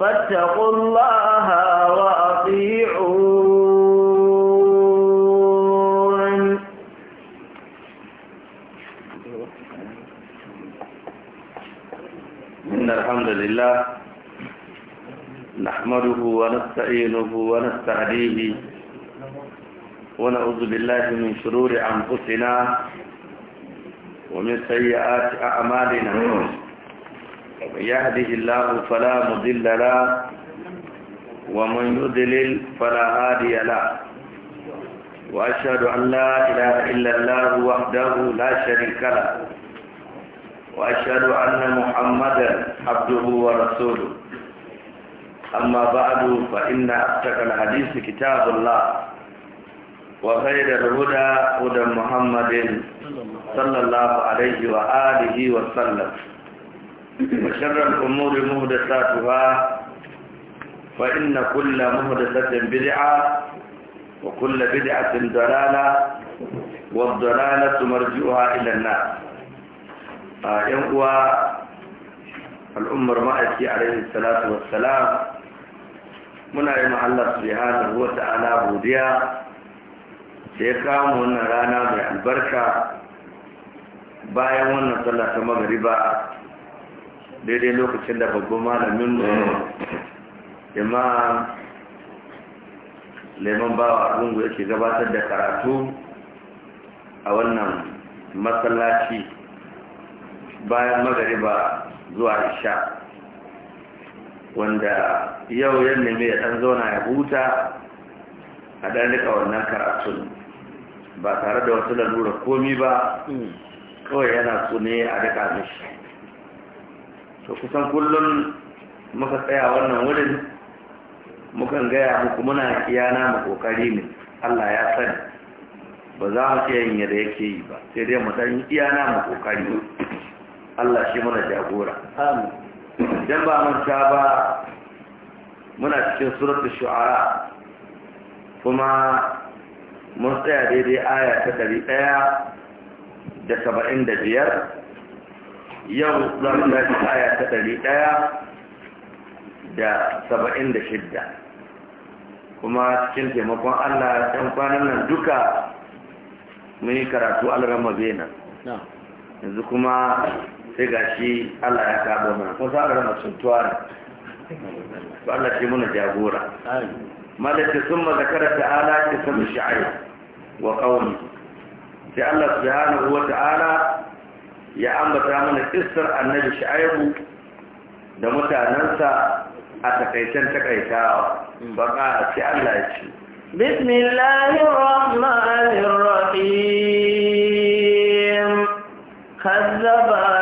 فاتقوا الله وأطيعون إن الحمد لله نحمده ونستعينه ونستهديه ونعوذ بالله من شرور أنفسنا ومن سيئات أعمالنا يهده الله فلا مضل له ومن يضلل فلا هادي له وأشهد أن لا إله إلا الله وحده لا شريك له وأشهد أن محمدا عبده ورسوله أما بعد فإن أصدق الحديث كتاب الله وخير الهدى هدى محمد صلى الله عليه وآله وسلم وشر الأمور مهدساتها فإن كل مهدسة بدعة وكل بدعة ضلالة والضلالة مرجعها إلى النار ينقوى الأمر مأتي عليه الصلاة والسلام من أيما الله سبحانه وتعالى بوديا سيقام ونرانا من البركة bayan wannan sallah ta magariba daidai lokacin da babban malamin mu imam leman bawa argungu yake gabatar da karatu a wannan masallaci bayan magariba zuwa isha wanda yau yadda mai ɗan zauna ya huta a ɗan rika wannan karatun ba tare da wasu lalura komi ba mm. kawai yana so ne a rika to kusan kullum muka tsaya wannan wurin mukan gaya muku muna kiyana mu kokari ne Allah ya sani ba za mu iya yin yadda yake yi ba sai dai mu san kiyana mu kokari Allah shi mana jagora amin idan ba mun ta ba muna cikin suratu shu'ara kuma mun tsaya daidai aya ta ɗari ɗaya da saba'in da biyar yau za mu tashi aya ta ɗari ɗaya da saba'in da shidda kuma cikin taimakon allah ɗan kwanan nan duka mun yi karatu alrama nan yanzu kuma sai ga shi allah ya kaɗo mana kuma sa rama tuntuwa ne ba allah shi muna jagora malaka sun mazakara ta'ala ta sami sha'ari wa ƙauni sai allah subhanahu wa ta'ala ya ambata mana kissar annabi shu'aibu da mutanansa a takaicen takaitawa ka ci Allah ya ce bismillahir rahmanir rahim kazzaba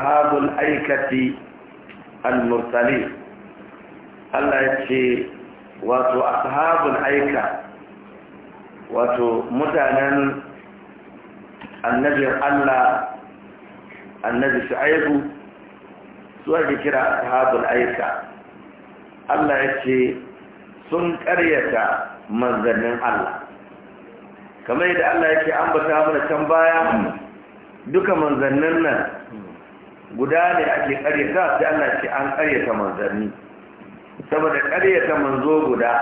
أصحاب الأيكة المرسلين الله يتشي واتو أصحاب الأيكة واتو متانا النبي الله النبي سعيد سوى كرا أصحاب الأيكة الله يتشي sun قرية manzannin Allah kamar yadda Allah yake ambata mana can baya duka manzannin nan guda ne ake karyata sai Allah ce an karyata manzanni saboda karyata manzo guda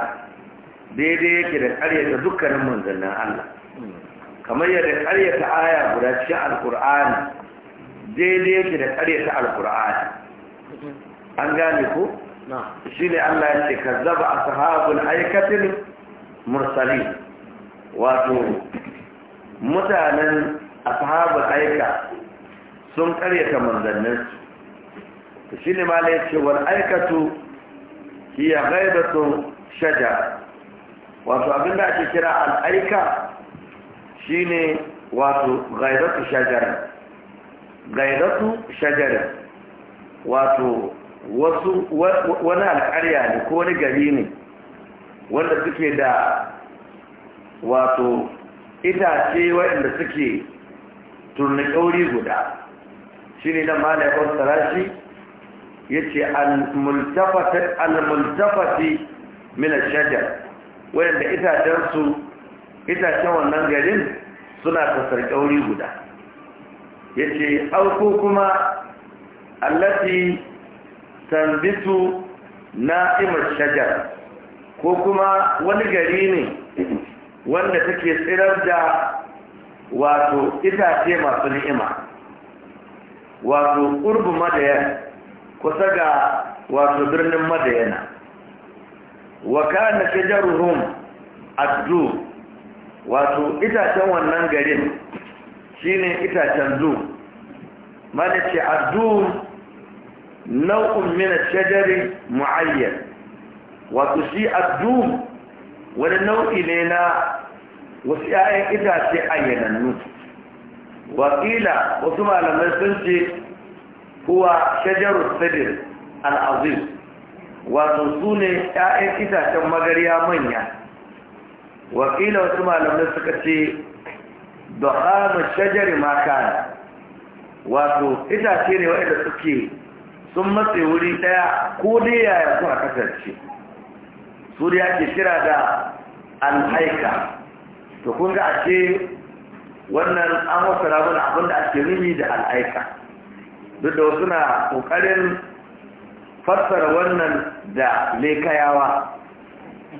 daidai yake da karyata dukkanin manzannin Allah kamar yadda karyata aya guda cikin Alƙur'ani daidai yake da karyata Alƙur'ani an gane ko shi ne Allah ya ce kazzaba ashabul aikatil mursalin wato mutanen ashabul aika sun karyata manzanninsu ta shi ne mala ya ce wani aikatu hiya gaibatun shaja wato abinda ake kira al'aika shi ne wato gaibatu shajar gaibatu shajar wato wasu wani alƙarya ne ko wani gari ne wanda suke da wato itace waɗanda suke turna ƙauri guda shi ne nan mana ya fassara ya ce al-multafati shajar wadanda itacensu itacen wannan garin suna tasar ƙauri guda ya ce auku kuma allafi tambitu na'imar shajar ko kuma wani gari ne wanda take tsirar da wato itace masu ni'ima wato ƙurbin madaya kusa ga wato birnin madayana wa kana shajaruhum addu wato itacen wannan garin shine itacen zu mana ce addu nau'un mina shajari mu'ayyar wato shi addu wani nau'i ne na wasu 'ya'yan itace ayyanannu wakila wasu malamai sun ce kuwa shajaru sadir al'azim wato su ne ‘ya'yan itacen magariya manya wakila wasu malamai suka ce da hannun shajar makana wato itace ne waɗanda suke sun matse wuri ɗaya ko ne yaya suka kasance su da ke kira da alhaika to kun ga ake wannan an wasara mana abin da ake nuni da al'aika duk da wasu na ƙoƙarin fassara wannan da lekayawa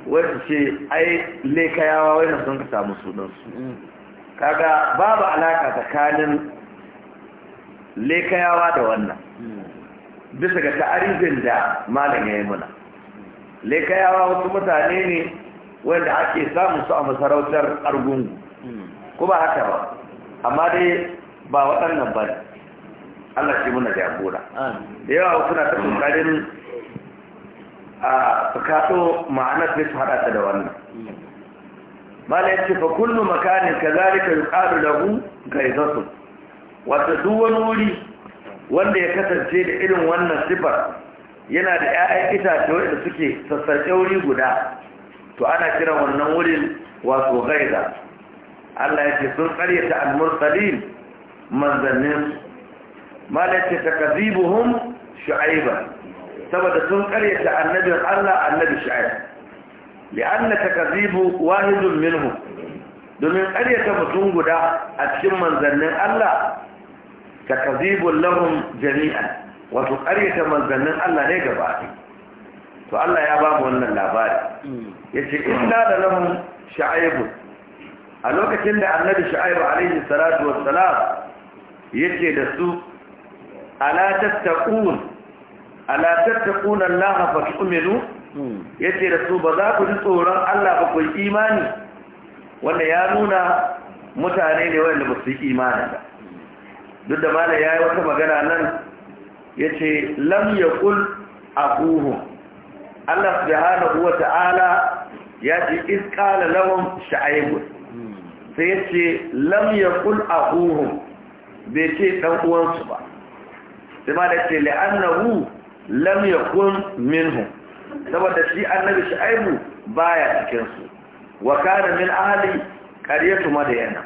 wadda ce ai lekayawa wani sun ka samu sunansu kaga babu alaƙa tsakanin lekayawa da wannan bisa ga ta'arifin da malam ya yi muna lekayawa wasu mutane ne wanda ake samun su a masarautar argungu ko ba haka ba amma dai ba waɗannan ba Allah shi muna jagora da yawa suna ta kokarin a fukato ma'anar sai su haɗa ta da wannan mala yace fa kullu makanin kazalika yuqalu lahu gaizatu wato duk wani wuri wanda ya kasance da irin wannan sifar yana da 'ya'yan itace wanda suke sassan wuri guda to ana kiran wannan wurin wato gaiza Allah ya ce sun karyata al-mursalin manzannin malaka takazibuhum shu'aiba saboda sun karyata annabin Allah annabi shu'aib li'anna takazibu wahidun minhum domin karyata mutum guda a cikin manzannin Allah takazibun lahum jami'a. wato karyata manzannin Allah ne gaba to Allah ya ba mu wannan labari hmm. yace inna da lahum sha'ibun a lokacin da annabi shu'aibu alaihi salatu wassalam yace da su ala tattaqun ala tattaquna allaha fa tu'minu da su ba za ku ji tsoron Allah ba ku imani wanda ya nuna mutane ne wanda ba su yi imani ba duk da malai yayi wata magana nan yace lam yaqul aquhum Allah subhanahu wa ta'ala ya ce iskala lawan sha'aibun sai yace ce lam yaqul ahuhum bai ce ɗan uwansu ba sai ma da ce la'annahu lam yaqul minhum saboda shi annabi shi'aibu baya cikinsu wa kana min ahli qaryatu madyana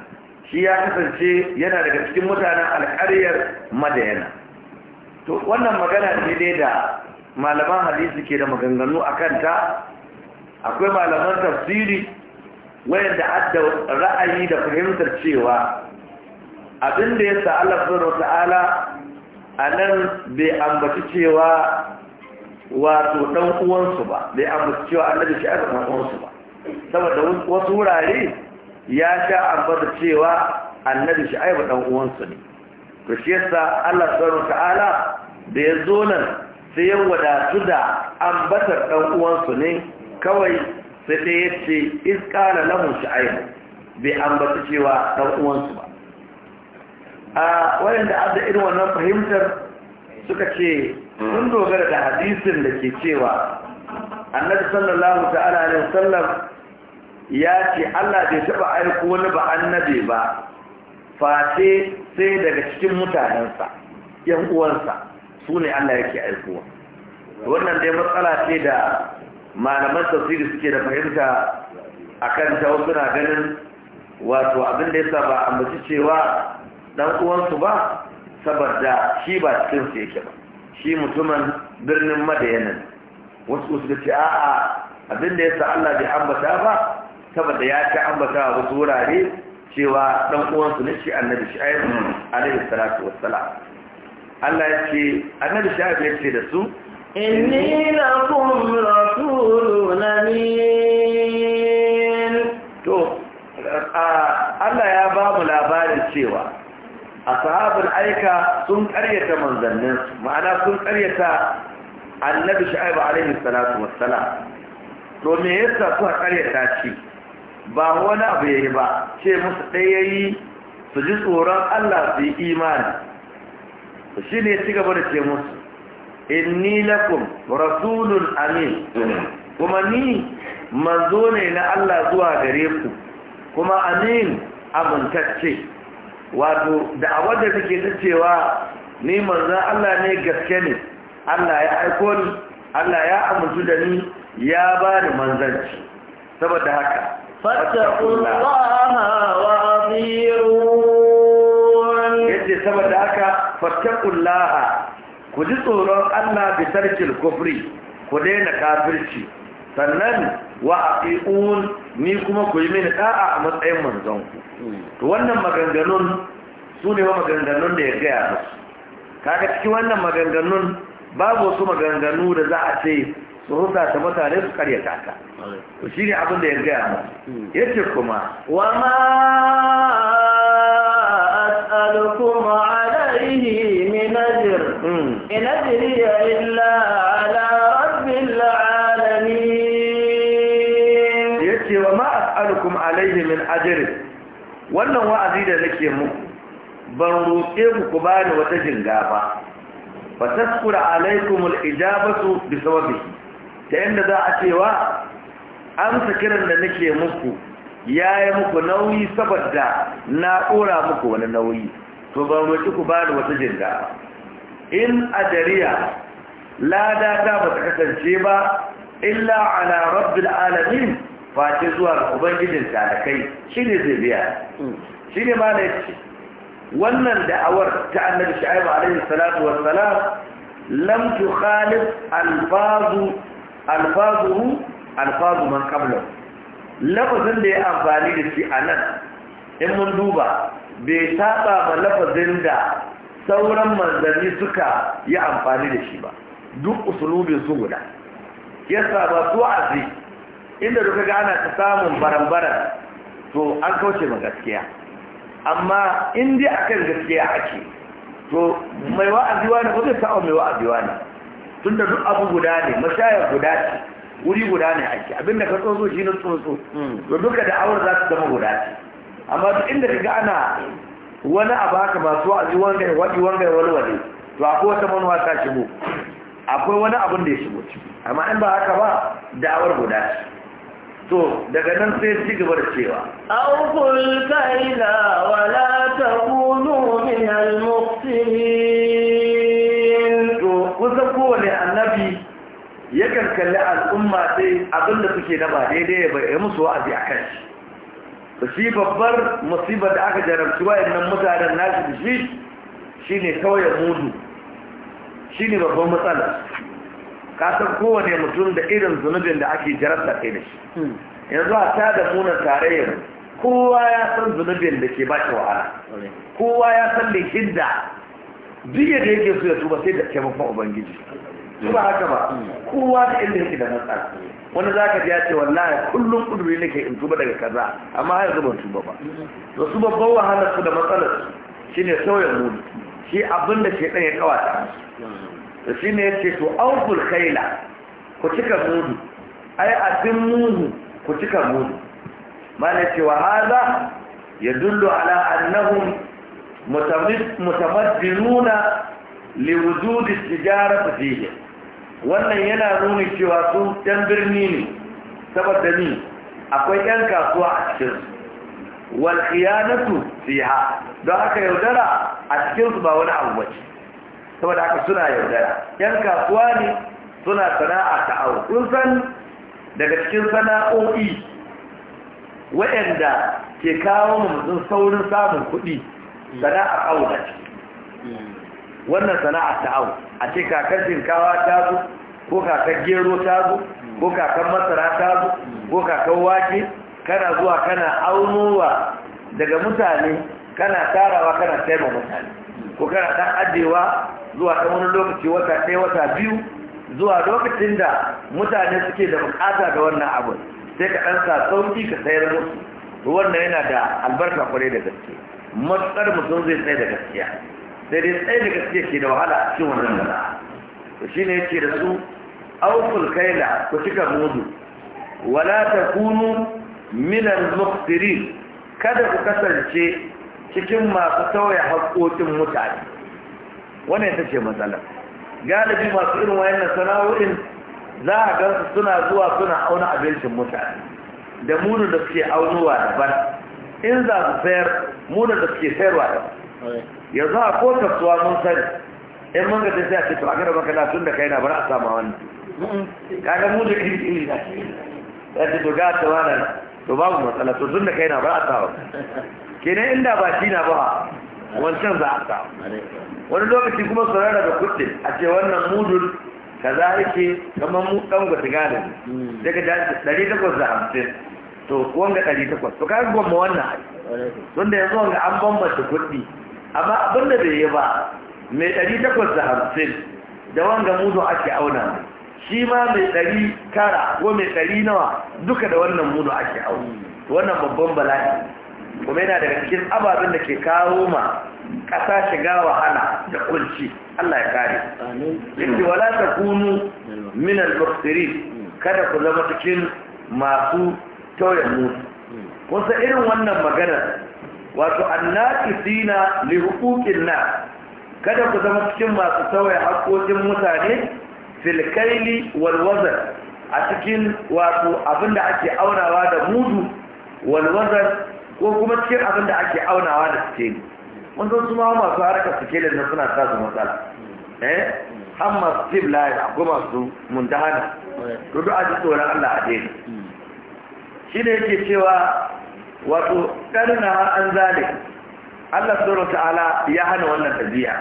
shi ya kasance yana daga cikin mutanen alqaryar madyana to wannan magana ne dai da malaman hadisi ke da maganganu akan ta akwai malaman tafsiri da adda ra'ayi da fahimtar cewa abin da ya sa Allah subhanahu wata'ala a nan bai ambaci cewa wato dan su ba bai ambaci cewa annabi shi aka dan su ba saboda wasu wurare ya sha ambata cewa annabi shi aiba dan su ne to shi yasa Allah subhanahu wata'ala da ya zo nan sai ya wadatu da ambatar dan su ne kawai sai dai ya ce iskala lahun shu'aibu bai ambaci cewa ɗan uwansu ba a wayanda abda irin wannan fahimtar suka ce sun dogara da hadisin da ke cewa annabi sallallahu ta'ala alaihi wasallam ya ce Allah bai taɓa aiko wani ba annabi ba face sai daga cikin mutanensa yan uwansa sune Allah yake aikowa wannan dai matsala ce da malaman tafsiri suke da fahimta akan ta wasu na ganin wato abin da yasa ba ambaci cewa dan uwansu ba saboda shi ba cikin su yake ba shi mutumin birnin madayanin wasu su ce a'a abin da yasa Allah bai ambata ba saboda ya ci ambata wasu wurare cewa dan uwansu ne shi annabi shaibu alaihi salatu wassalam Allah ya ce annabi shaibu ya ce da su inni lakum to Allah ya ba mu labarin cewa ashabul aika sun karyata manzannin ma'ana sun karyata annabi shu'aib alaihi salatu wassalam to me yasa suka karyata shi ba wani abu yayi ba ce musu dai yayi su ji tsoron Allah su yi imani shi ne ci gaba da ce musu inni lakum rasulun amin kuma ni manzo ne na Allah zuwa gare ku kuma amin amintacce wato da awar take ta cewa ni manzo Allah ne gaske ne Allah ya aiko ni Allah ya amintu da ni ya ba ni manzanci saboda haka fattaqullaha wa yace saboda haka fattaqullaha ku ji tsoron Allah bi tarkil kufri ku daina kafirci sannan wa aqiqun ni kuma ku yi mini da'a a matsayin manzon ku to wannan maganganun su ne wa maganganun da ya gaya musu kaga cikin wannan maganganun babu wasu maganganu da za a ce su rusa ta mutane su karya ta to shine abin da ya gaya musu yace kuma wa ma as'alukum wannan wa'azi da nake muku ban roƙe ku ku bani wata jinga ba ba ta skura alaikumul ijabatu bi sababi ta yadda za a cewa amsa kiran da nake muku ya yi muku nauyi saboda na ƙora muku wani nauyi to ban roƙi ku bani wata jinga ba in a dariya lada ta ba ta kasance ba illa ala rabbil alamin ba zuwa ga ubangijin talakai shi ne zai biya shi ne ma da wannan da'awar ta annabi shu'aib alaihi salatu wassalam lam tukhalif alfazu alfazuhu alfazu man qabla lafazin da ya amfani da shi anan in mun duba bai saba ba lafazin da sauran manzanni suka yi amfani da shi ba duk usulubin su guda yasa ba su azi inda duka gana ta samun barambaran to an kauce ma gaskiya amma inda akan gaskiya ake to mai wa'azi wani ko zai sa'a mai wa'azi wani tun da duk abu guda ne mashayar guda ce wuri guda ne ake abinda ka tsotso shi na tsotso to duka da awar za su zama guda ce amma duk inda ka gana ana wani abu haka masu wa'azi a ya waɗi wanga ya wani wani to akwai wata manuwa ta shigo akwai wani abin da ya shigo ci amma in ba haka ba da'awar guda ce to daga nan sai ci gaba da cewa awful kaila wa ta takunu min al to kusan kowane annabi yakan kalli al'umma sai abin da suke na ba daidai ya musu wa'azi a kan shi shi babbar musibar da aka jarabci wa'annan mutanen nasu da shi shi ne kawai mudu shi ne babban matsala kasan kowane mutum da irin zunubin da ake jarabta kai da shi hmm. yanzu a ta da munan tarayyar kowa ya san zunubin da ke baki wahala kowa ya san likin da duk yadda yake so ya tuba sai da taimakon ubangiji su ba haka ba hmm. kowa da inda yake da matsala hmm. wani za ka ya ce wallahi kullum kuduri nake in tuba daga kaza amma har yanzu tuba ba Wasu su babban wahalar su da matsalar su shine sauyin muni shi abin da ke dan ya kawata ne ya ce to an kaila ku cika mudu ai abin muni ku cika mudu mana cewa ya dullo ala annahun mutamadinuna liwujudi tijarati fihi wannan yana nuna cewa su ɗan birni ne saboda ni akwai ɗan kasuwa a cikin wal khiyanatu fiha don aka yaudara a cikinsu ba wani abu bace saboda haka suna yaudara ɗan kasuwa ne suna sana'a ta awo kun san daga cikin sana'o'i waɗanda ke kawo mutum saurin samun kuɗi sana'ar awo wannan sana'a ta au a ce kakar shinkawa ta zo ko kakar gero ta zo ko kakar masara ta zo ko kakar wake kana zuwa kana aunowa daga mutane kana tarawa kana taima mutane ko kana ɗan ajewa zuwa ta wani lokaci wata ɗaya wata biyu zuwa lokacin da mutane suke da bukata ga wannan abin sai ka ɗan sa sauki ka sayar musu wannan yana da albarka kwarai da gaske matuƙar mutum zai sai da gaskiya sai dai tsaye da gaske ke da wahala a cikin wannan da to shi ne yake da su auful kaila ku cika mudu wala takunu minal muqtirin kada ku kasance cikin masu tauya haƙoƙin mutane wani ya ce matsala galibi masu irin wayannan sana'o'in za a gansu suna zuwa suna auna abincin mutane da munin da suke aunowa daban in za su sayar munin da suke sayarwa daban yanzu a ko suwa mun sani in mun gata sai a ce to a gara tun da kai na bari a sama wani kaga mu da kiri kiri na ya ce to ga ta wani to babu matsala to tun da kai na bari a sama kenan inda ba shi na ba wancan za a sa wani lokaci kuma saurara da kudin a ce wannan mudun za yake kamar mu dan gwata gane daga dari takwas da hamsin to ga dari takwas to kaga gwamma wannan tun da yanzu wanga an bambanta kuɗi amma abin da bai yi ba mai ɗari takwas da hamsin da wanga muzo ake auna shi ma mai ɗari tara ko mai ɗari nawa duka da wannan muzo ake auna wannan babban bala'i kuma yana daga cikin ababen da ke kawo ma ƙasa shiga wahala da kunci Allah ya kare inda wala ta kunu min al kada ku zama cikin masu tauyen mutu kusa irin wannan maganar wato annaqisina li huquqin na kada ku zama cikin masu sauya haƙoƙin mutane fil kaili wal wazan a cikin wato abinda ake aunawa da mudu wal wazan ko kuma cikin abinda ake aunawa da sikeli mun san su ma masu harkar sikelin na suna su matsala eh har masu tib layin akwai masu mundahana to duk a ji tsoron Allah a daina shi ne yake cewa wato karna an zalim Allah subhanahu ta'ala ya hana wannan tabiya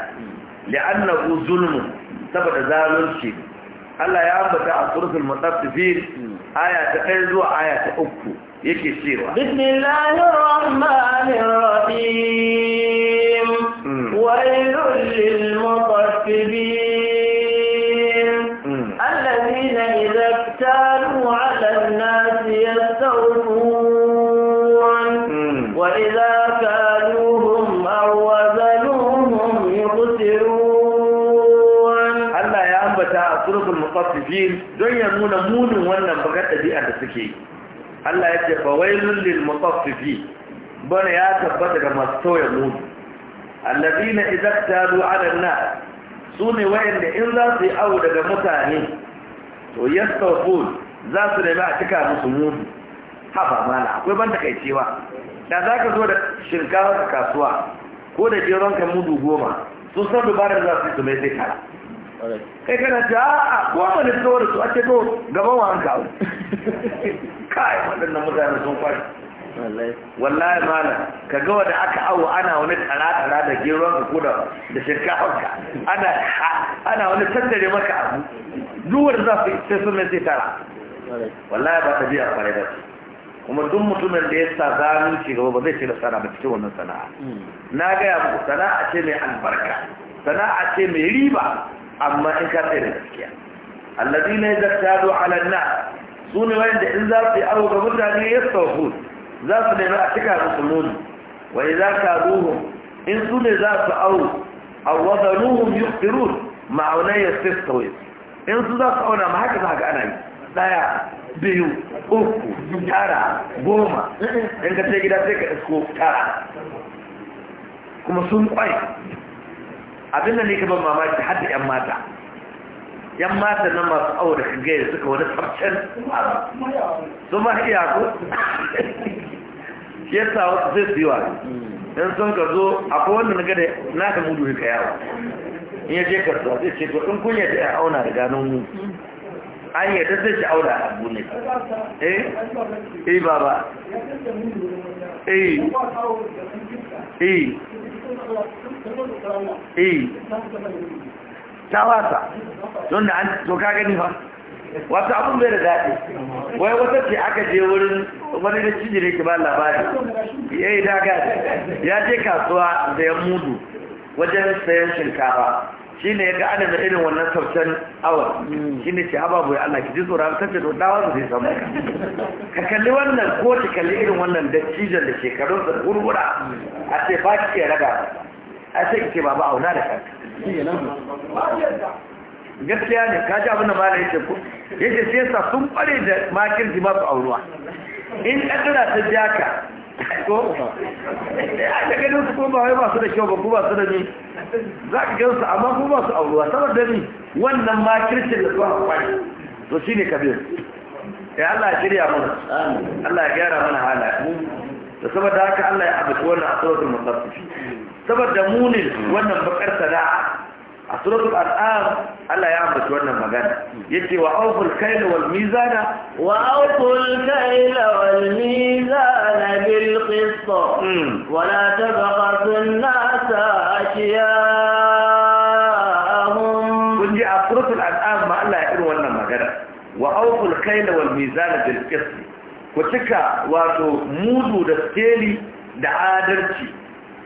li'annahu zulm saboda zalunci Allah ya ambata a suratul mutaffifin aya ta 1 zuwa aya ta 3 yake cewa bismillahir rahmanir rahim hmm. wa lil mutaffifin mubin don ya nuna munin wannan bugar ɗabi'a da suke Allah ya ce bawai lullin mutafifi bane ya tabbata da masu soya muni allafi na idan taru na su ne wayanda in za su yi awu daga mutane to yasta za su nemi a cika musu muni haba mana, akwai banta kai cewa da za ka zo da shinkafa kasuwa ko da jeron ka mudu goma su san dubarar za su yi su mai zai kara kai kana ta a goma ne fito da su ce to gaban wa hanka wani kai waɗannan mutane sun kwari wallahi mana ka ga wanda aka awo ana wani tsara-tsara da geron ka kuda da shinkafanka ana ana wani tattare maka abu duwar za su sai sun mai sai tara wallahi ba ta biya kwarai ba kuma duk mutumin da ya sa zanu ci gaba ba zai ce da sana ba cikin wannan sana'a hmm. na gaya muku sana'a ce mai albarka sana'a ce mai riba amma in ka tsaye da gaskiya allazi ne zattalu ala na. su ne wanda in za su yi aro ga mutane ya sauku za su nemi a cika musu nuni wa idza kaduhum in su ne za su aro aw wadaluhum yuqtirun ma'aunai yastawi in su za su auna ma haka za ka ana yi daya biyu uku tara goma in ka ce gida sai ka isko tara kuma sun kwai abin da ne ka ban mamaki har da yan mata yan mata nan masu awo da kange da suka wani tsabcen su ma iya ku sa wasu zai su yi wa in sun ka zo ko wanda na gada na ka mudu ka yawa in ya je zuwa zai ce to in kun yadda ya auna da ganin mu an ta zai shi auna abu ne eh eh baba eh eh eh ta wasa don da an to ka gani fa wata abun bai da dadi. wai wata ce aka je wurin wani da cije ne ke ba labari ya yi daga ya je kasuwa da ya mudu wajen sayan shinkafa shi ne ya ga ana da irin wannan saucen awar shi ne ce ababu ya Allah ki ji tsoron kacce to dawa su zai samu ka kalli wannan ko ki kalli irin wannan da cijin da shekarun da gurgura a ce ba ki iya raga a sai ke ba auna da kanka gaskiya ne ka ji abin da mala yake ku yake sai sa sun bare da ji ba su auruwa in kadara ta ja ka ko da gani su kuma wai ba su da kyau ba ku ba su da ni za ka gan su amma ku ba su auruwa saboda ni wannan makircin da su haƙwari to shi ne kabir ya Allah ya shirya mana Allah ya gyara mana halaye da saboda haka Allah ya abu wannan a sautin saboda munin wannan bakar sada'a a suratul al'am Allah ya ambaci wannan magana yace wa awful kayla wal mizana wa awful kayla wal mizana bil qist hmm. wa la tabqasu nasa ashiya'ahum kun a suratul al'am ma Allah ya irin wannan magana wa awful kayla wal mizana bil qist ku cika wato mudu da skeli da adalci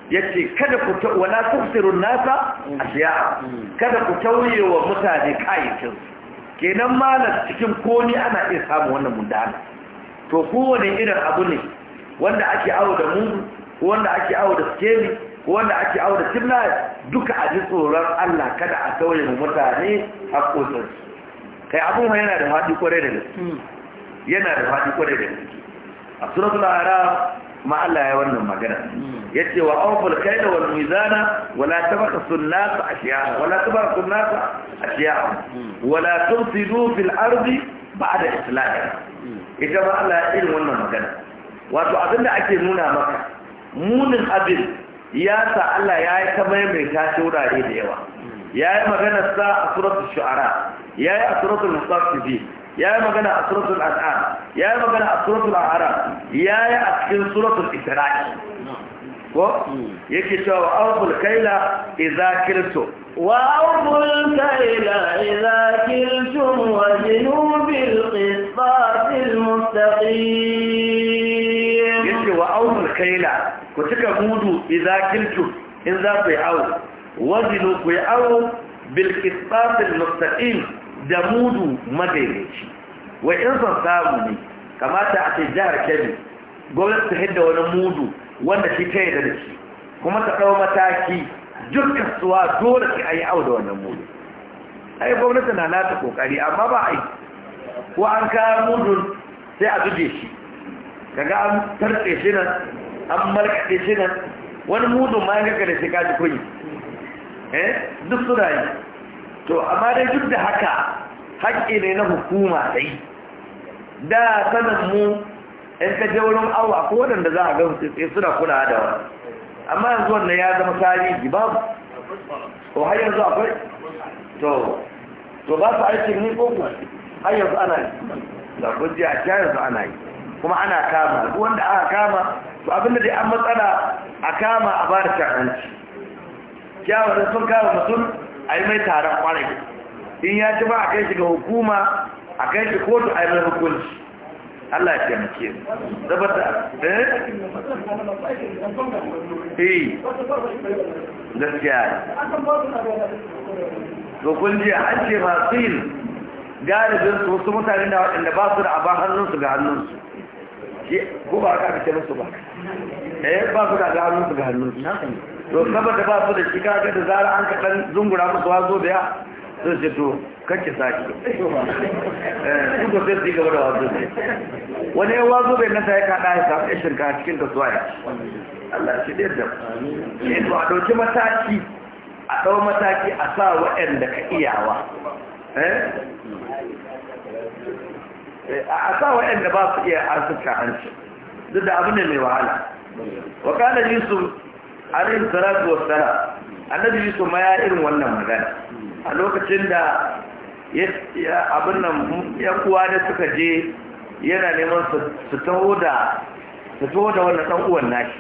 yace kada ku ta wala tuhsiru nasa ashiya kada ku tauye wa mutane kayakin kenan malam cikin koni ana iya samu wannan mundana to kowane irin abu ne wanda ake awo da mu ko wanda ake awo da skeli ko wanda ake awo da timna duka a ji tsoron Allah kada a tauye wa mutane haƙoƙin kai abun yana da faɗi kwarai da gaske hmm. yana da faɗi kwarai da gaske a suratul araf ma Allah ya wannan magana Ya ce wa awful kayla wal mizana wala tabakhasu an-nas ashiya wala tabakhasu an-nas ashiya wala tufsidu fil ardi ba'da islahiha ita ma Allah ya irin wannan magana wato abinda ake nuna maka munin abin ya sa Allah ya yi ta maimaita shi wurare da yawa ya yi magana sa a suratul shu'ara ya yi a suratul musaffifin ya yi magana a suratul al'an ya yi magana a suratul al'aram ya yi a cikin suratul isra'i ko ke cewa wa arzul kaila idza kiltu wa arzul kaila idza kiltum wa junubil qisatil Ya yake wa arzul kaila ku cika gudu idza kiltum in za ku yi awo wazinu ku yi awo bil qisatil mustaqim da mudu madaidaici wa in son samu ne kamata a ce jihar kebbi gwamnati ta hidda wani mudu wanda shi ta yadda da shi kuma ta ɗau mataki duk suwa dole ki a yi au da wannan mudu ai gwamnati na nata kokari amma ba a yi ko an kawo mudun sai a zube shi kaga an tarɗe shi nan an markaɗe shi nan wani mudun ma ya gaggare shi kaji kunyi eh duk suna yi to amma dai duk da haka haƙƙi ne na hukuma sai da sanin mu in ka je wurin awa ko waɗanda za a ga sai suna kula da wani amma yanzu wannan ya zama tarihi babu ko har yanzu akwai to to ba su aikin ni ko ku? har yanzu ana yi da kun ji a yanzu ana yi kuma ana kama duk wanda aka kama to abinda dai an matsala a kama a ba da hanci kyawarin sun kama mutum Ai mai taron kwarai in ya ci ba a kai shi ga hukuma a kai shi kotu a yi mai hukunci Allah ya taimake mu zabata eh eh gaskiya to kun ji an ce fasil galibin su su mutanen da wadanda ba su da abin su ga su ko ba ka fi musu ba eh ba su da su ga hannunsu to saboda ba su da shi kaga da zara an ka dan zungura musu wazo da ya to ce to kake eh, saki su ko sai gaba da wazo ne wani ya wazo bai nasa ya kaɗa ya samu shi shirka cikin kasuwa ya Allah shi da yadda ne eh, to a dauki mataki a dau mataki a sa wa'anda ka iyawa eh? a sa wa'anda ba su iya arsuka hanci duk da abu ne mai wahala wa kana yusuf alayhi salatu wassalam annabi yusuf ma ya irin wannan magana a lokacin da abin nan ya kuwa da suka je yana neman su taho da su taho da wannan dan uwan nashi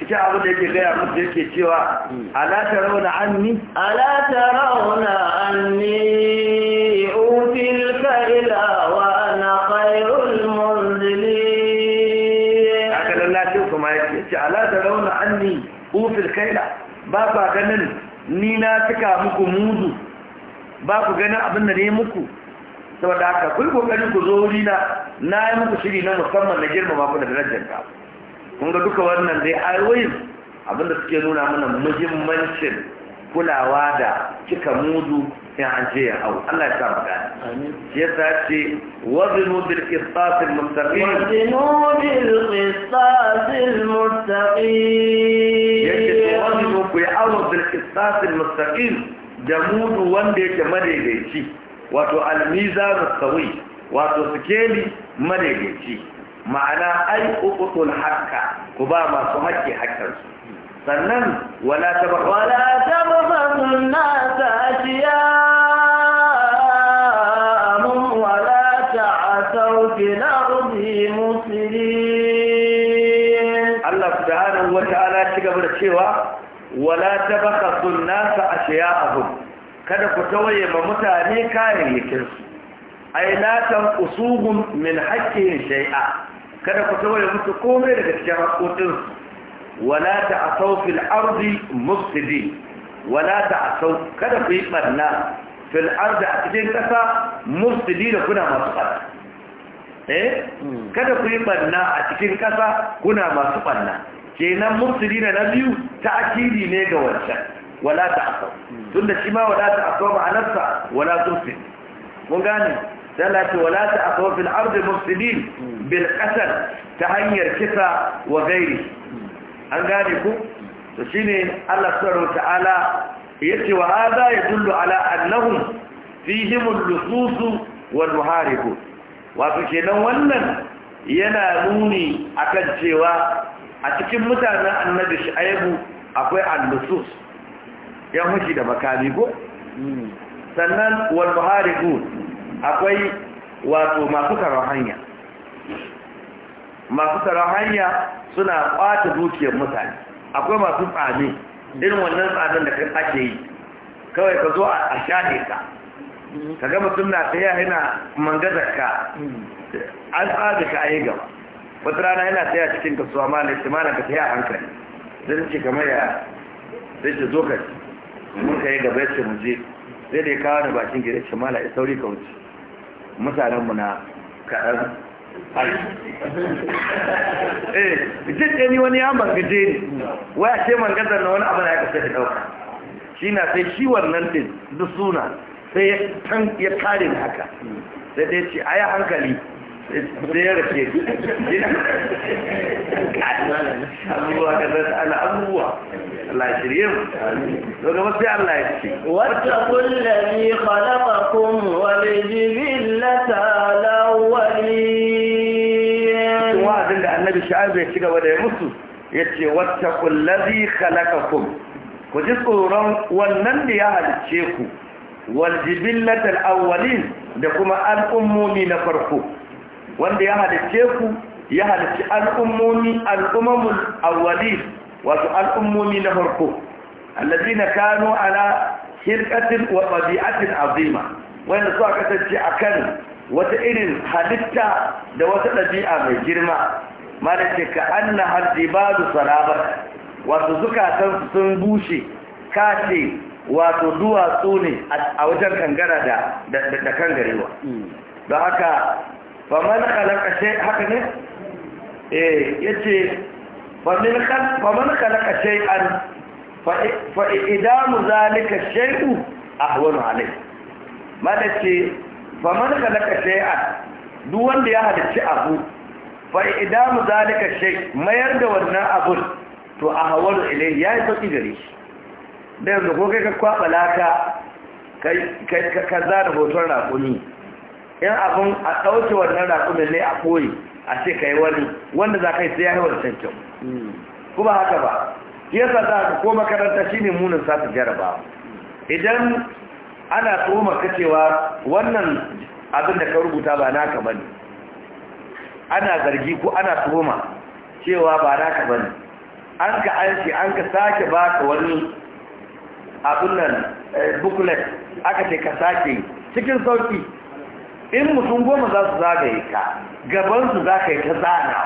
cikin abin da yake gaya musu yake cewa ala tarawna anni ala tarawna anni mufil kaila ba ku ganin ni na cika muku mudu ba ku ganin abin da ne muku saboda haka ku kokarin ku zo wuri na na yi muku shiri na musamman na girmama ku da darajar ka kun ga duka wannan dai ayoyin abin da suke nuna mana muhimmancin kulawa da cika mudu in an je ya hau Allah ya samu gani ya sace wazinu bil qisasil mustaqim wazinu bil qisasil mustaqim yake wazinu ku ya'awu bil qisasil mustaqim da mudu wanda yake madaidaici wato al mizan sawi wato sikeli madaidaici ma'ana ai uqutul hakka ku ba masu haƙƙi haƙƙansu sannan wala tabagha wala ta Allah tabagha an-nasa da cewa wala tabaka sunnasa ashiya'ahum kada ku tawaye ma mutane kare su ai la tanqusuhum min haqqin shay'a kada ku tawaye musu komai daga cikin haƙoƙin su wala ta'asaw fil ardi mufsidin wala ta'asaw kada ku yi barna fil ardi a cikin kasa mufsidin kuna masu barna eh kada ku yi barna a cikin kasa kuna masu barna kenan mufsidin na biyu ta'kidi ne ga wancan wala ta'asaw tunda shi ma wala ta'asaw ma'anarsa wala tufsid mun gane ثلاث ولا تأخذ bil الأرض ta hanyar kisa wa gairi. an gane ku to shine Allah subhanahu ta'ala yace wa hadha yadullu ala annahum fihim al-lusus wal muharib wato kenan wannan yana nuni akan cewa a cikin mutanen annabi shu'aibu akwai al-lusus yan muji da makami ko sannan wal muharib akwai wato masu karo hanya masu tsaron hanya suna ɓata dukiyar mutane akwai masu tsami irin wannan tsamin da ake yi kawai ka zo a shaɗe ka ka ga mutum na ta yi yana mangazar ka an tsada ka ayi gaba wata rana yana ta a cikin kasuwa ma na mana ka ta a hankali zai ce kamar ya zai ce zo ka ci. mun ka yi gaba ya ce mu je zai da ya kawo da bakin gida ce mana ya sauri ka wuce mutanenmu na kaɗan eh jin ni wani ya mangaje ne waya ce mangadar na wani abu na ya kashe da ɗauka shi na sai shi wannan din da suna sai ya kare ni haka sai dai ce aya hankali sai ya rake abubuwa ka zai ala abubuwa Allah shirye mu daga wasu Allah ya ce wata kullari khalaqakum wal jibillata shu'aib ya ci gaba da ya musu yace wattaqul ladhi khalaqakum ku ji tsoron wannan da ya halicce ku wal jibillatal awalin da kuma al'ummomi na farko wanda ya halicce ku ya halicci al'ummomi al'umamul awwalin wasu al'ummomi na farko allazina kanu ala shirkatin wa tabi'atin azima wanda a kasance akan wata irin halitta da wata ɗabi'a mai girma ce ka ba su sarabar wato zukatan sun bushe kace wato duwatsu ne a wajen kangara da da kangarewa da haka faman na kalakashe haka ne eh yace faman khal faman khalaqa shay'an fa idamu zalika shay'u ahwanu alayhi malace faman khalaqa kalakashe an wanda ya halicci abu fa idamu zalika shay mayar da wannan abun to ahwalu ya yayi sauki gare shi da yanzu ko kai ka kwaba laka kai ka zana hoton raƙumi in abin a ɗauke wannan raƙumin ne a koyi a ce ka yi wani wanda za ka yi sai ya yi wancan kyau kuma haka ba yasa za ka ko makaranta shi ne munin sa ta jaraba idan ana tsoma ka cewa wannan abin da ka rubuta ba naka bane ana zargi ko ana tuhuma cewa ba ka bane an ka an ce an ka sake baka wani abin nan eh, booklet aka ce ka sake cikin sauki in mutum goma za su zagaye ka su za ka yi ta zana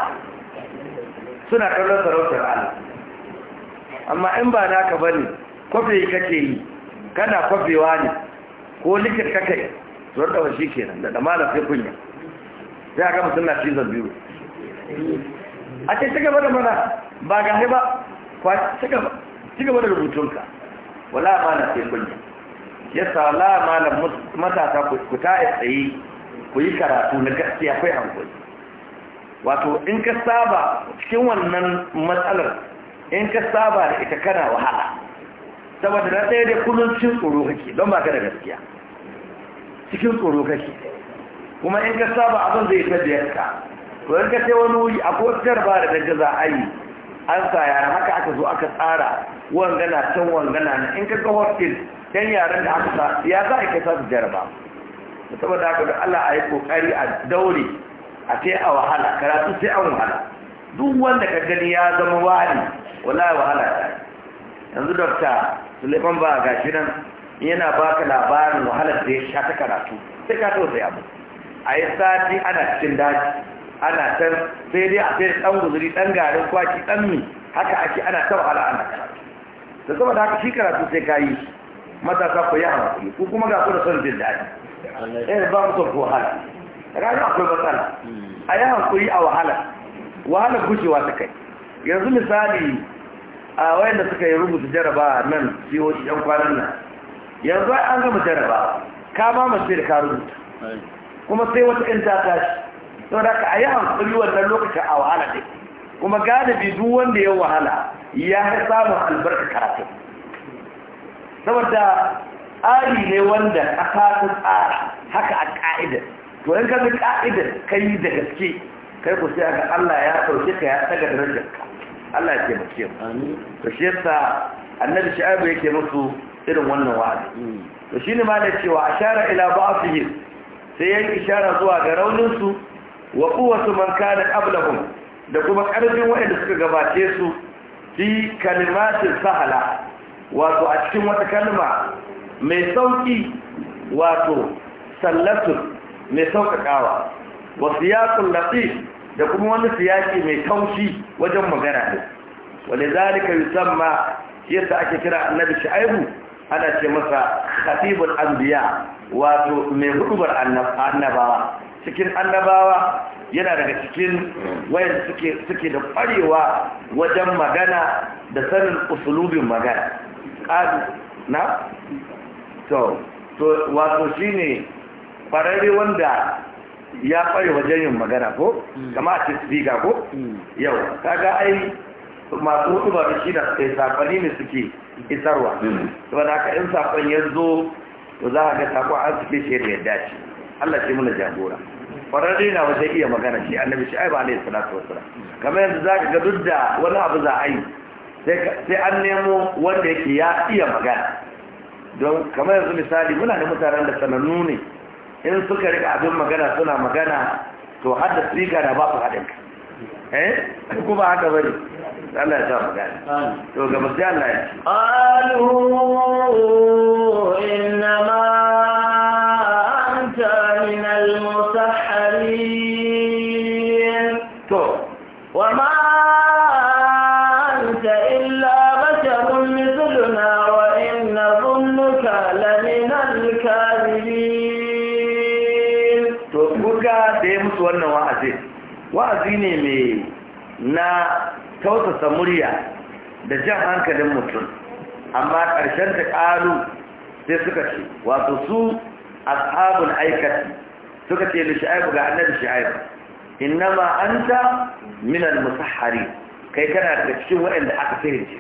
suna kallon sarautar Allah amma in ba ka bane kwafe kake yi kana kwafewa ne ko likit kake zuwa wasu shi kenan da malam kunya sai aka masallaci biyu a ce ci bada da mana ba gahe ba ci gaba da rubutunka wala mana sai kunya ya sala malam matasa ku ta tsaye ku yi karatu na gaskiya kai hankali wato in ka saba cikin wannan matsalar in ka saba da ita kana wahala saboda na tsaye da kullum cin tsoro kake don ba ka da gaskiya cikin tsoro kake kuma in ka saba abin zai ta ka to in ka sai wani wuri a kotar ba da daga za a yi an sa yaran haka aka zo aka tsara wangana can wangana na in ka ga fil can yaran da aka sa ya za a kai sa su jarba saboda haka da Allah a yi kokari a daure a sai a wahala karatu sai an wahala duk wanda ka gani ya zama wani wala wahala ta yanzu dokta suleiman ba gashi nan yana baka labarin wahalar da ya sha ta karatu sai ka tausaya mu a yi sati ana cikin daji ana can sai dai a sai ɗan guzuri ɗan garin kwaki ɗan mi haka ake ana ta wahala ana karatu da saboda haka shi karatu sai ka yi matasa ku yi hankali ku kuma ga ku da son jin daɗi eh ba mu son ku wahala rayuwa akwai matsala a yi hankuri a wahala wahala gushewa ta kai yanzu misali a wayanda suka yi rubuta jaraba nan siyoci yan kwanan nan yanzu an gama jaraba ka ma mace da ka rubuta kuma sai wata in ta tashi sau da ka a yi hankali wannan lokaci a wahala ne kuma galibi duk wanda ya wahala ya fi samun albarka karatu saboda tsari ne wanda ƙasa ta tsara haka a ƙa'idar to in ka bi ƙa'idar ka yi da gaske kai ku sai ga Allah ya sauke ka ya tsaga darajarka Allah ya ce mu to shi yasa annabi shi'abu yake musu irin wannan wa'azi mm. to shi ne ma da cewa ashara ila ba'dihi sai ya yi ishara zuwa ga rauninsu wa kowasu man kanin ablahun da kuma ƙarfin waɗanda suka gabace su fi kalimatin sahala wato a cikin wata kalma mai sauƙi wato sallatun mai sauƙaƙawa wa siyaƙun latif da kuma wani siyaki mai taushi wajen magana ne wani zalika yusamma yadda ake kira annabi shu'aibu ana ce masa khatibul anbiya wato mai hudubar annabawa cikin annabawa yana daga cikin wayan suke suke da farewa wajen magana da sanin usulubin magana na to to wato shine farare wanda ya fare wajen yin magana ko kama a cikin ko hmm. yau kaga ai masu hudubar shi da safari ne suke isarwa hmm. saboda haka in sakon ya zo to za a ga sakon an su shi da yadda shi Allah shi muna jagora kwararre na wajen iya magana shi annabi shi ai ba alayhi salatu wasallam kamar yanzu za ka ga duk da wani abu za a yi sai an nemo wanda yake ya iya magana don kamar yanzu misali muna da mutanen da sanannu ne in suka rika abin magana suna magana to har da speaker da ba su haɗin ka eh ko ba haka bane Allah ya sa mu gani to gaba sai Allah ya ce wa illa basharun mithluna inna dhunnuka la min wannan wa'azi wa'azi ne mai na tausasa murya da jan hankalin mutum amma ƙarshen ta ƙalu sai suka ce wato su ashabul aikati suka ce da shi'aibu ga annabi shi'aibu innama anta minal musahhari kai kana daga cikin waɗanda aka sirrince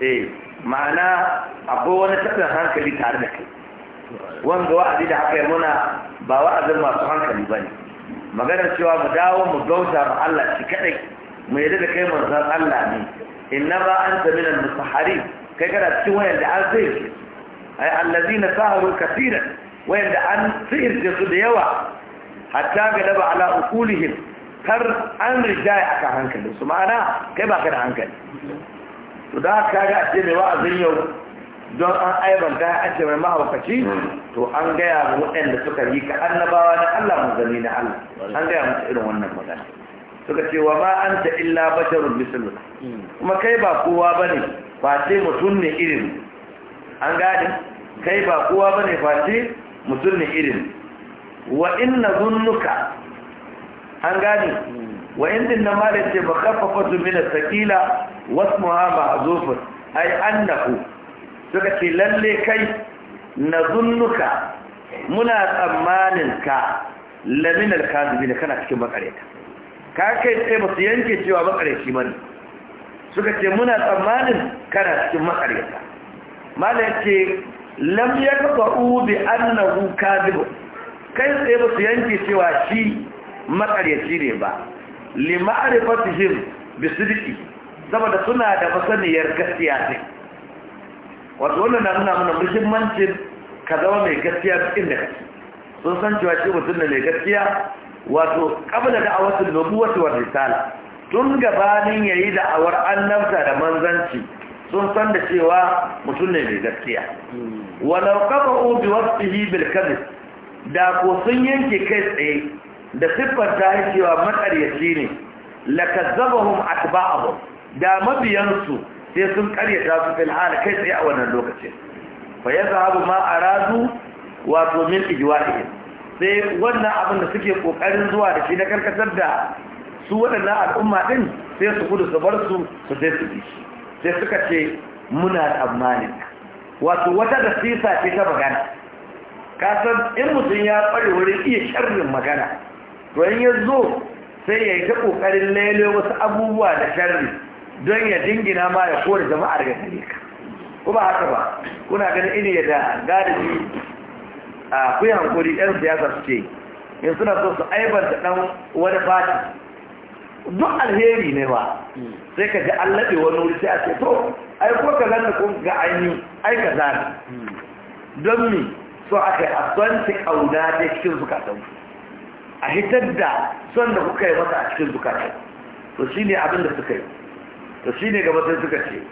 eh ma'ana akwai wani tafiyar hankali tare da kai wanga wa'azi da aka yi muna ba wa'azin masu hankali ba ne maganar cewa mu dawo mu gauta ma Allah shi kaɗai Mai yadda da kai manzon Allah ne inna ba anta min da musahharin kai kana cikin da an zai ai allazina saharu kaseeran da an da su da yawa hatta ga daba ala uqulihim har an rijaya aka hankali su ma'ana kai ba ka da hankali to da ka ga ce mai wa'azin yau don an aibanta an ce mai mahaukaci to an gaya mu waɗanda suka yi ka annabawa na Allah mu zami na Allah an gaya musu irin wannan magana suka ce wa ma an ta illa basharun misalun kuma kai ba kowa ba ne face mutum ne irin an gane kai ba kowa ba ne face mutum ne irin wa inna zunnuka an gane wa indin na ma ce ba karfafa su mina sakila wasu muhamma a zofin ai annahu suka ce lalle kai na zunnuka muna tsammanin ka laminar kazubi da kana cikin makareta ka kai tsaye ba su yanke cewa makareci mani suka ce muna tsammanin kana cikin mana ya ce lam ya kafa ubi annahu zuba kai tsaye ba su yanke cewa shi makareci ne ba bi sidiki saboda suna da masaniyar gaskiya ne wato wannan na nuna mana muhimmancin ka zama mai gaskiya cikin da kake sun san cewa shi mutum ne mai gaskiya wato kabla da nubuwati war risala tun gabanin yayi da'awar annabta da manzanci sun san da cewa mutum ne mai gaskiya walau qafa'u bi wasfihi bil kadhib da ko sun yanke kai tsaye da siffar ta yi cewa makaryaci ne lakazzabahum abu da mabiyansu sai sun karyata su fil hana kai tsaye a wannan lokacin fa yazhabu ma aradu wato min ijwa'ihim sai wannan abin da suke kokarin zuwa da shi na karkatar da su waɗannan al'umma ɗin sai su gudu su bar su su sai su bi sai suka ce muna tsammanin wato wata da sisa ce ta magana kasan in mutum ya ɓare wurin iya sharrin magana to in ya zo sai ya yi ta ƙoƙarin lailo wasu abubuwa da sharri don ya dingina ma ya kowar jama'ar daga gare ka ko ba haka ba kuna ganin ina da gadi a kuyi hankuri yan siyasa ce, in suna so su aibanta dan wani fati duk alheri ne ba sai ka ji an laɓe wani wuri sai a ce to ai ko ka zanta kun ga an yi ai ka zanta don mi so aka yi a son ta ƙauna da cikin zukatan a hitar da son da kuka yi masa a cikin zukatan to shi ne abin da suka yi to shi ne gaba sai suka ce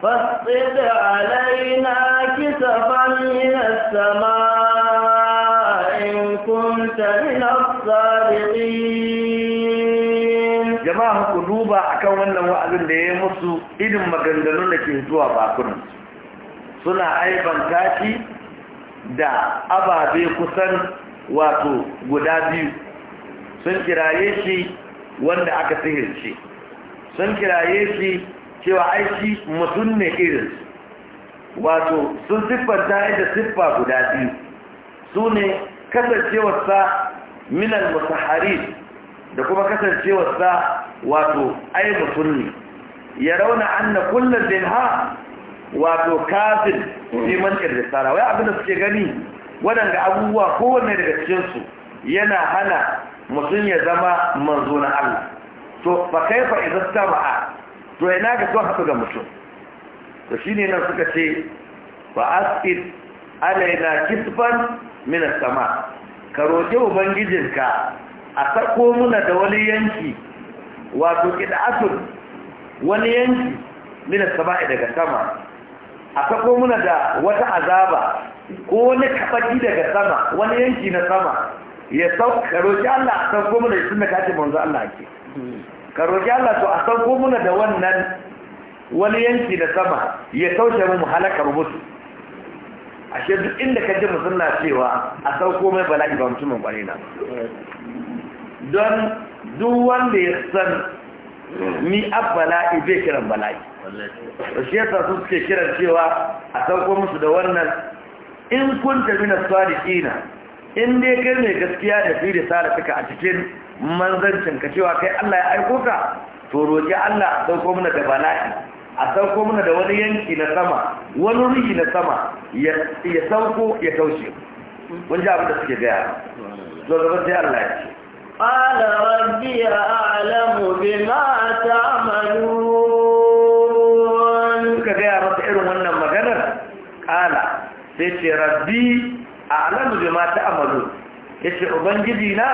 فاصبر علينا كسفا من السماء kunta min as-sadiqin jama'a ku duba akan wannan wa'azin da ya musu irin maganganun da ke zuwa bakun suna aibanta shi da ababe kusan wato guda biyu sun kiraye shi wanda aka sihirce sun kiraye shi cewa aiki mutum ne irin wato sun siffanta yadda siffa guda biyu su ne kasancewarsa minal musahari da kuma kasancewarsa wato ai musulmi ya rauna anna kullum dinha wato kafin man kirkisara wai da suke gani wadanda abubuwa kowanne daga cikinsu yana hana mutum ya zama manzo na Allah to ba kai fa idan ta to ina ga son haka ga mutum to shine nan suka ce ba asqit alaina kisban Min sama ka roƙi ubangijinka a sako muna da wani yanki wato ƙida'atun wani yanki minas sama daga sama a sako muna da wata azaba ko wani kaɓaki daga sama wani yanki na sama ya sauka roƙi Allah a sako muna da suna kace manzo Allah ke ka roƙi Allah to a sako muna da wannan wani yanki na sama ya sauke mu halakar mutu ashe duk inda ka ji musulna cewa a sauko mai bala'i ba mutumin kwarai na don duk wanda ya san ni ab bala'i bai kiran bala'i shi yasa su suke kiran cewa a sauko musu da wannan in kun tafi na sadiqina in dai kai mai gaskiya da fi sara suka a cikin manzancin ka cewa kai Allah ya aiko ka to roƙi Allah a sauko mana da bala'i a sauko mana da wani yanki na sama wani ruhi na sama ya sauko ya taushe kun ji abin da suke gaya zo gaba sai Allah ya ce qala rabbi a'lamu bima ta'malun suka gaya masa irin wannan maganar Kala. sai ce rabbi a'lamu bima ta'malun yace ubangiji na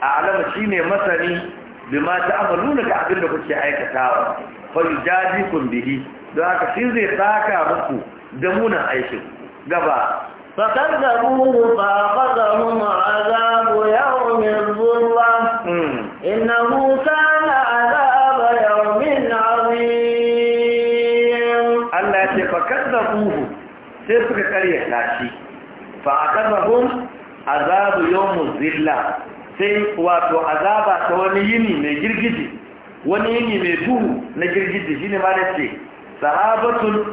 a'lamu shine masani bima ta'maluna ga abin da kuke aikatawa fa kun bihi don haka shi zai saka muku da munan aikin gaba fakar da عذاب يوم الظلة إنه كان عذاب يوم عظيم الله يتي فكذبوه سيسك كريه لاشي فأخذهم عذاب sai wato azaba ta wani yini mai girgiji wani yini mai duhu na girgiji shine ma sahabatul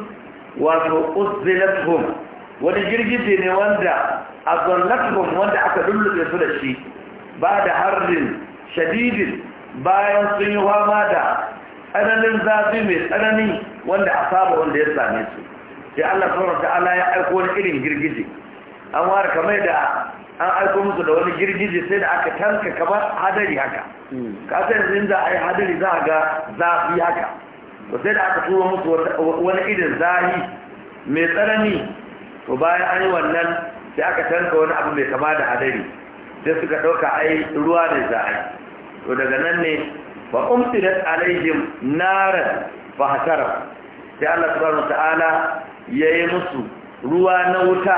wato uzzilathum wani girgije ne wanda azallathum wanda aka dullube su da shi ba da harrin shadidin bayan sun yi fama da tsananin zafi mai tsanani wanda saba wanda ya same su sai Allah subhanahu ta'ala ya aiko wani irin girgije an ware kamar da an aiko musu da wani girgije sai da aka tanka kamar hadari haka hmm. ka san yanzu za a yi hadari za a ga zafi haka to sai da aka tura musu wani irin zahi mai tsanani to bayan an yi wannan sai aka canza wani abu mai kama da hadari sai suka ɗauka ai ruwa ne za a to daga nan ne fa umtidat alaihim naran fa hasara sai Allah subhanahu ta'ala yayi musu ruwa na wuta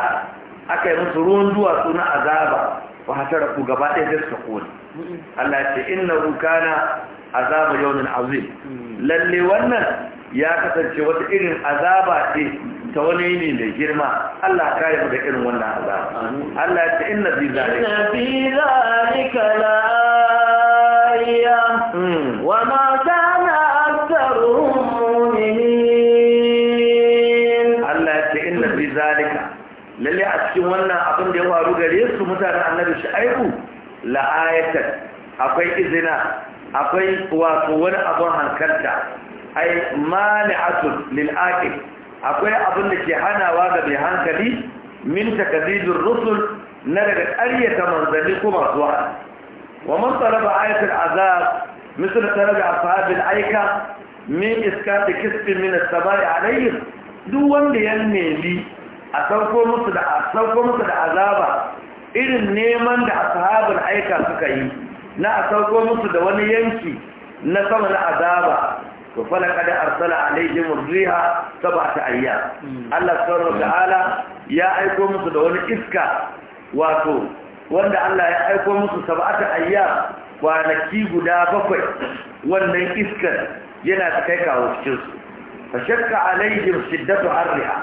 aka yi musu ruwan duwatsu na azaba fa hasara ku gaba ɗaya sai suka kone Allah ya ce inna kana azaba yawmin azim hmm. lalle wannan ya kasance wata irin azaba ce ta wani ne mai girma Allah ka yi da irin wannan azaba Allah ya ce inna fi zalika la ayya hmm. wa ma kana aktharuhum mu'minin Allah ya ce inna fi zalika lalle a cikin wannan abin da ya faru gare su mutanen annabi shu'aibu la ayatan akwai izina akwai wato wani abin hankalta ai mani'atun lil akwai abin da ke hanawa ga mai hankali min takazibir rusul na daga ƙaryata manzanni ko masu wa'azi wa man talaba ayatul azab misal da ashabil aika min iskati kisfin min as-sama'i alayhim duk wanda ya nemi a sauko musu da azaba irin neman da ashabul aika suka yi na a sauko musu da wani yanki na sama na azaba to fala kada arsala alaihi murriha sab'ata ayyam hmm. Allah subhanahu ta'ala ya aiko musu da wani iska wato wanda Allah ya aiko musu sab'ata ayyam kwanaki guda bakwai wannan iskar yana ta kai kawo cikin su fa shakka alaihi shiddatu arriha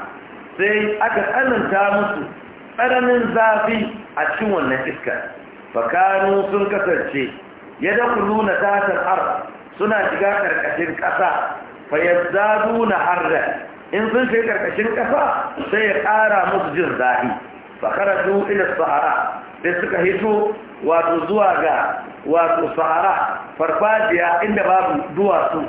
sai aka tsananta musu tsananin zafi a cikin wannan iskar fakanu sun kasance ya dakulu na tasar har suna shiga karkashin ƙasa fayazzadu na da. in sun shiga karkashin ƙasa sai ya ƙara musu jin zahi fakaratu ila sahara sai suka hito wato zuwa ga wato sahara farfajiya inda babu duwatsu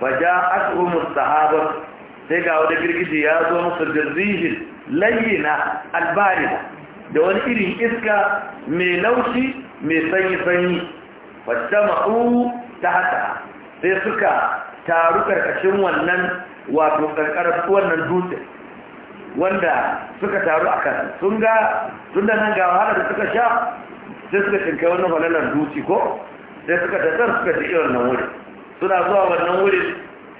faja asuhumus sahabar sai ga wani girgije ya zo musu da zihin layyina albarina da wani irin iska mai laushi mai sanyi-sanyi wata ma'u ta hata sai suka taru karkashin wannan wato karkarar wannan dutse wanda suka taru a kan sun ga tun da nan ga wahala da suka sha sai suka cinkai wannan wannan dutse ko sai suka tattar suka ji wannan wuri suna zuwa wannan wuri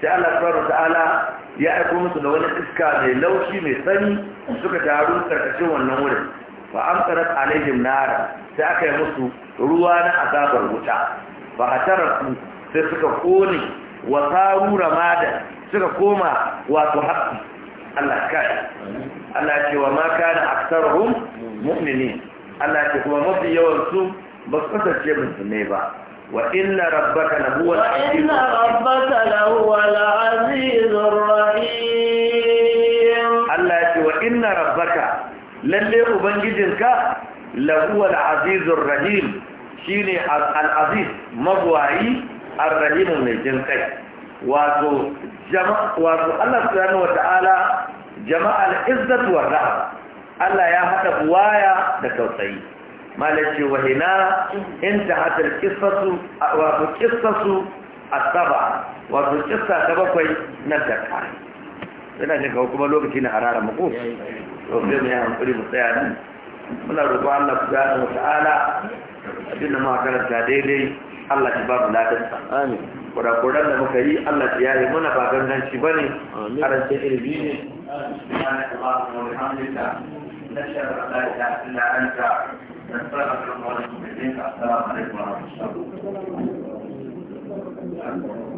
sai Allah subhanahu ta'ala ya aiko musu da wani iska mai laushi mai sanyi suka taru karkashin wannan wurin fa amsarat alaihim nara sai aka yi musu ruwa na azabar wuta fa su sai suka kone wa saru ramada suka koma wato haƙi Allah kai Allah ce wa ma kana aktaruhum mu'minin Allah ce kuma mafi yawan su ba su kasance musulmai ba wa inna rabbaka lahuwal azizur rahim lalle ubangijinka lahuwal azizur rahim shine al-aziz mabwayi ar-rahim mai jin kai wato jama'a wato Allah subhanahu wata'ala jama'al izzat war rahma Allah ya hada buwaya da tausayi malaci wa hina inta al-qissatu wato qissatu as-sab'a wato qissa ta bakwai na dakka ina ga kuma lokaci na harara muku to sai mu yi hankali mu tsaya nan muna roƙo Allah subhanahu wa ta'ala abinda muka karanta daidai Allah ki ba mu amin da muka yi Allah ki yaye muna ba ganganci bane karancin ilimi ne subhanaka ta ta,